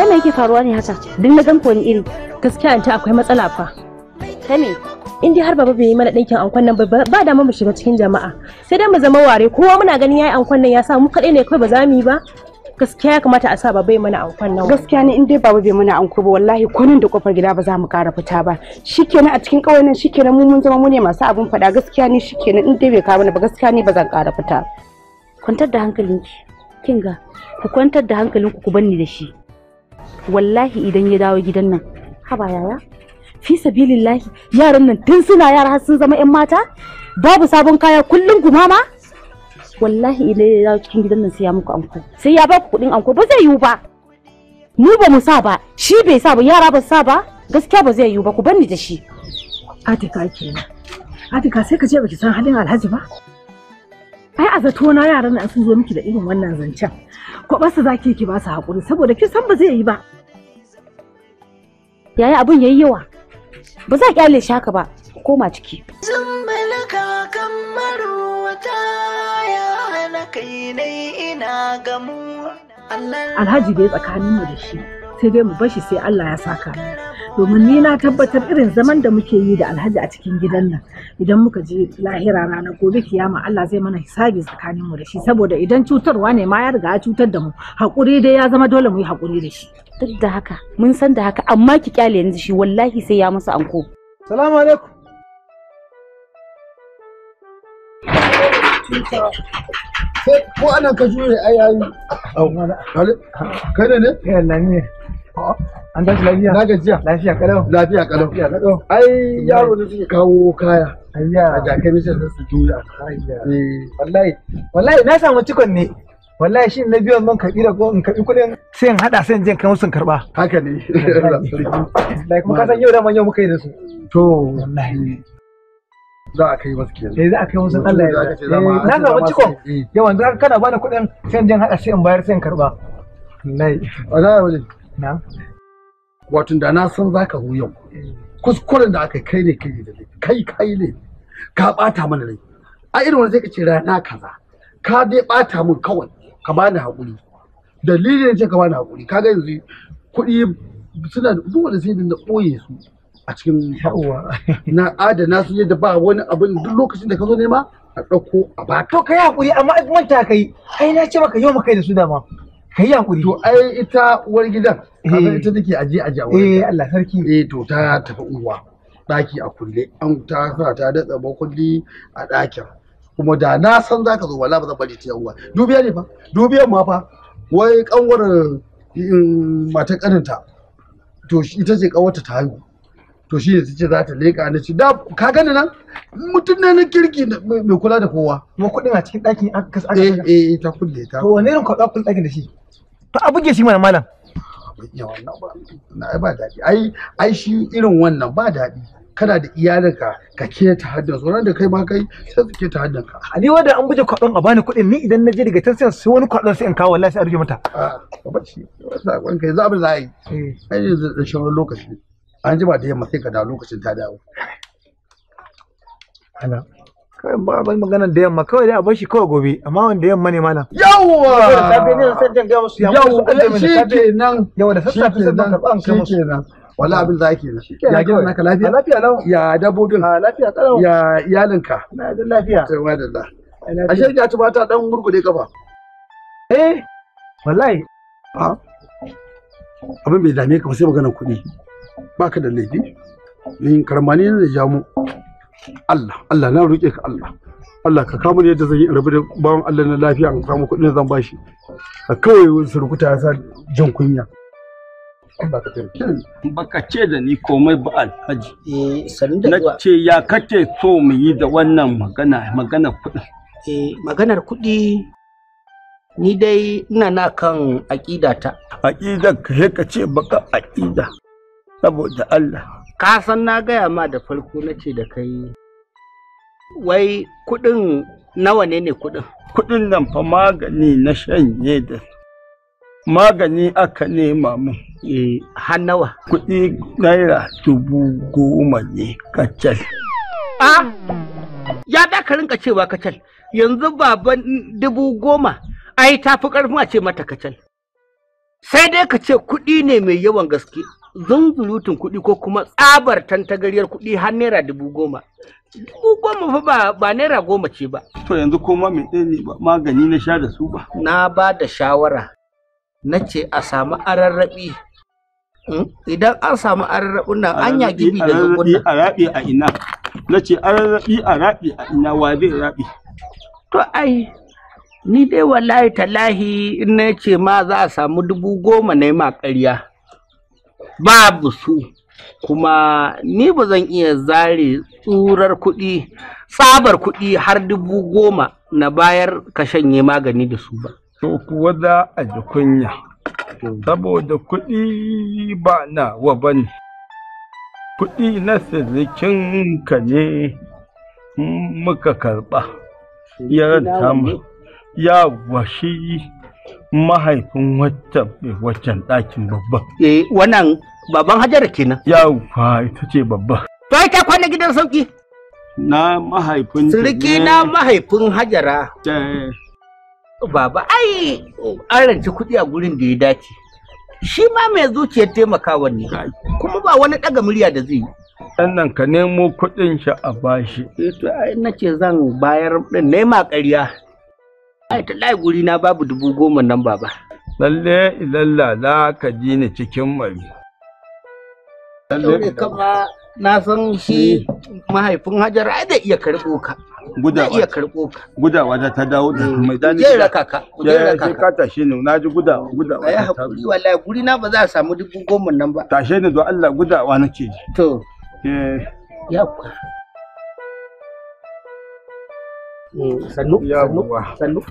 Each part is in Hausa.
ko me yake faruwa ne haka duk na ganko ni iri gaskiya anta akwai matsala fa ta me in dai har baba bai yi mana dinkin ankon nan ba da mu shiga cikin jama'a sai dai mu zama ware kowa muna ganin yayi ankon nan ya sa mu kaɗai ne kawai ba za mu yi ba gaskiya ya kamata a sa baba bai mana ankon nan gaskiya ne in dai baba bai mana anko ba wallahi kunin da kofar gida ba za mu kara fita ba shikenan a cikin ƙauyen nan shikenan mu mun zama mu ne masu abin faɗa gaskiya ne shikenan in dai bai kawo mana ba gaskiya ne ba zan kara fita kwantar da hankalinki kinga ku kwantar da hankalinku ku banni da shi wallahi idan ya dawo gidan nan haba yaya fi sabilillahi yaran nan tun suna yara har sun zama yan mata babu sabon kaya kullum gumama wallahi idan ya dawo cikin gidan nan sai ya muku anko sai ya ba ku kudin anko ba zai yiwu ba mu ba mu sa ba shi bai sa ba yara ba sa ba gaskiya ba zai yiwu ba ku banni da shi atika kenan atika sai ka je baki san halin alhaji ba ai a zato na yaran nan sun zo miki da irin wannan zancen su zaki ki ba su haƙuri saboda kin san ba zai yi ba yaya abun yayi yawa ba za kyale shaka ba koma ciki Alhaji da ya tsakanin kai ina gamu alhaji tsakaninmu da shi sai dai mu bashi sai Allah ya saka mu domin ni na tabbatar irin zaman da muke yi da alhaji a cikin gidan nan idan muka ji lahira ranar gobe kiyama Allah zai mana hisabi tsakanin mu da shi saboda idan cutarwa ne ma ya riga ya cutar da mu hakuri dai ya zama dole mu yi hakuri da shi duk da haka mun san da haka amma ki kyale yanzu shi wallahi sai ya masa anko salamu alaikum ko ana ka jure ayayi kai ne ne An tashi lafiya? Na Lafiya kalau. Lafiya kalau. Lafiya kalau. Ai yaro ne suke kawo kaya. Ayya. A jakai bisa da su juya. Eh. Wallahi. Wallahi na samu cikon ne. Wallahi shi na biyan man karɓi da in karɓi kudin? sai in haɗa sai in je kai sun karɓa. Haka ne. Lai kasan yau da man yau muka yi da su. To. Wallahi. Eh. za a kai masu kenan. Eh za a kai musu Allah ya yarda. Eh, na cikon. Yawan kana bani kuɗin sai in sai in bayar sai in Wallahi. Wallahi. Na. wato da na san zaka zo yau kuskuren da aka kai ne kai da kai kai ne ka bata mana rai a irin wani zai kace rana kaza ka dai bata min kawai ka bani hakuri dalilin ce ka bani hakuri Ka ga yanzu kuɗi suna zuwa da sai da ɓoye su a cikin yawa na adana su yadda ba wani abu duk lokacin da ka zo nema a ɗauko a baka. To ka yi hakuri amma manta ka yi ai na ce maka yau maka da su dama. ka yi hakuri to ai ita uwar gidan kasan eh. ita take aje aje a wurin eh Allah sarki eh to ta tafi uwa daki a kulle an ta fara ta datsa makulli a dakin kuma da na san zaka zo wala ba zan bari ta uwa dubiya ne fa dubiyan ma fa wai kanwar mm, matar kaninta to ita ce kawarta ta haihu to shi ne ce za ta leƙa na ci da ka gani nan mutum ne na kirki mai kula da kowa kuma kuɗin a cikin ɗakin aka kasa eh eh ta kulle ta to wani irin kwaɗa kulle ɗakin da shi to a buge shi mana malam na ba daɗi ai ai shi irin wannan ba daɗi kana da iyalinka ka ke ta haddan su da kai ma kai sai su ke ta haddan ka ni wanda an buje kwaɗon a bani kuɗin ni idan na je daga can sai wani kwaɗon sai in kawo wallahi sai a rufe mata ah, a ba shi wannan kai za mu za yi eh. ai da shauran lokaci an jima da yamma sai ka da lokacin ta dawo ana kawai ba ba magana da yamma kawai dai a bar shi kawai gobe amma wanda yamma ne malam yawa safe ne sai jan ga musu yamma su kalle mini safe nan yawa da sassafe sai ban karban kai musu wala abin za ke nan ya gina naka lafiya lafiya lau ya dabobin lafiya kalau ya iyalinka na da lafiya sai wa da ashe ya ci bata dan murgude kafa eh wallahi abin bai dame ka ba sai maganar kuɗi baka da laifi yin karmani ne ja mu Allah Allah na roƙe ka Allah Allah ka kama yadda zan yi rabu da bawan Allah na lafiya an samu kuɗin zan bashi a kawai surukuta ya sa jin kunya baka ce da ni komai ba alhaji eh, na ce ya kace so mu yi da wannan magana maganar kuɗi eh, maganar kuɗi ni dai ina na kan ta. Aƙida, ka ce baka aƙida saboda Allah ka san na gaya ma da farko na ce da kai wai kuɗin nawa ne ne kuɗin kuɗin nan fa magani na shanye da magani aka nema mun eh har nawa kuɗi naira dubu goma ne kacal a ya da rinka cewa kacal yanzu baban dubu goma ai tafi karfin a ce mata kacal sai dai ka ce kuɗi ne mai yawan gaske zunzurutun kuɗi ko kuma tsabar tantagariyar kuɗi har naira dubu goma dubu goma fa ba ba naira goma ce ba to yanzu koma mai ɗaya ne ba magani na sha da su ba na ba da shawara na ce a samu ararraɓi hmm? idan an samu ararrabi nan an ya gibi da zukunan a a ina na ce ararraɓi a raɓe a ina wa zai raɓe to ai ni dai wallahi talahi in na ce ma za a samu dubu goma na ma ƙarya babu su kuma ni ba zan iya zare tsurar kuɗi tsabar kuɗi har dubu goma na bayar ka shanye magani da su ba to kuwa za a ji kunya saboda kuɗi ba na wa ne kuɗi na sirrikin ka ne muka karɓa ya ranta yawwa shi mahaifin waccan mai eh, waccan ɗakin babba. Eh wannan baban hajara kenan. Yawwa ita ce babba. To ai ta kwana gidan sauki. Na mahaifin Sirki na mahaifin hajara. Baba ai an ranci kuɗi a gurin da ya dace. Shi ma mai zuciyar taimakawa ne kuma ba wani ɗaga murya da zai yi. Sannan ka nemo kuɗin shi a bashi. Eh to ai nace zan bayar ɗin nema ƙarya. ai tallahi guri na babu dubu goma nan baba lalle ilalla za ka ji ni cikin mari lalle kama na san shi eh. mahaifin hajar ai da iya karɓo ka Guda iya karɓo ka gudawa da ta dawo da mm. mai dani je raka ka je raka ka shi ne na ji gudawa gudawa ai hakuri wallahi guri na ba za a samu dubu goma nan ba tashe ni don Allah gudawa nake ji to eh ya sannu sannu sannu sannu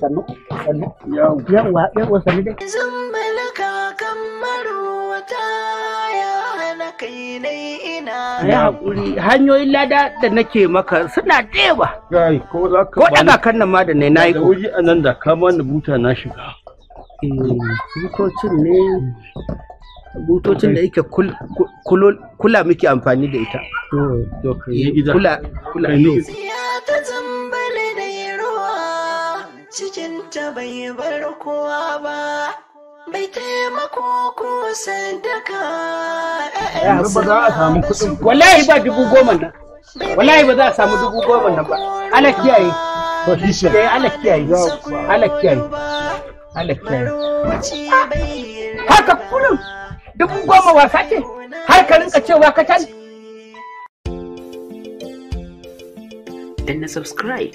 sannu sannu dai zumbala ya hana kai dai ina ya hakuri hanyoyin lada da nake maka suna da yawa ko za ka ko daga kan nan ma da ne nayi ko anan da ka mana buta na shiga eh butocin ne butocin da yake kula muke amfani da ita eh, kula kula cikinta bai bar kowa ba bai taimako ko sadaka ya ba za a samu kuɗin wallahi ba dubu goma nan wallahi ba za a samu dubu goma nan ba ala kiyaye to shi shi eh, ala kiyaye ala kiyaye ala kiyaye ah, haka kullum dubu goma wasa ce har ka rinka cewa ka can Then subscribe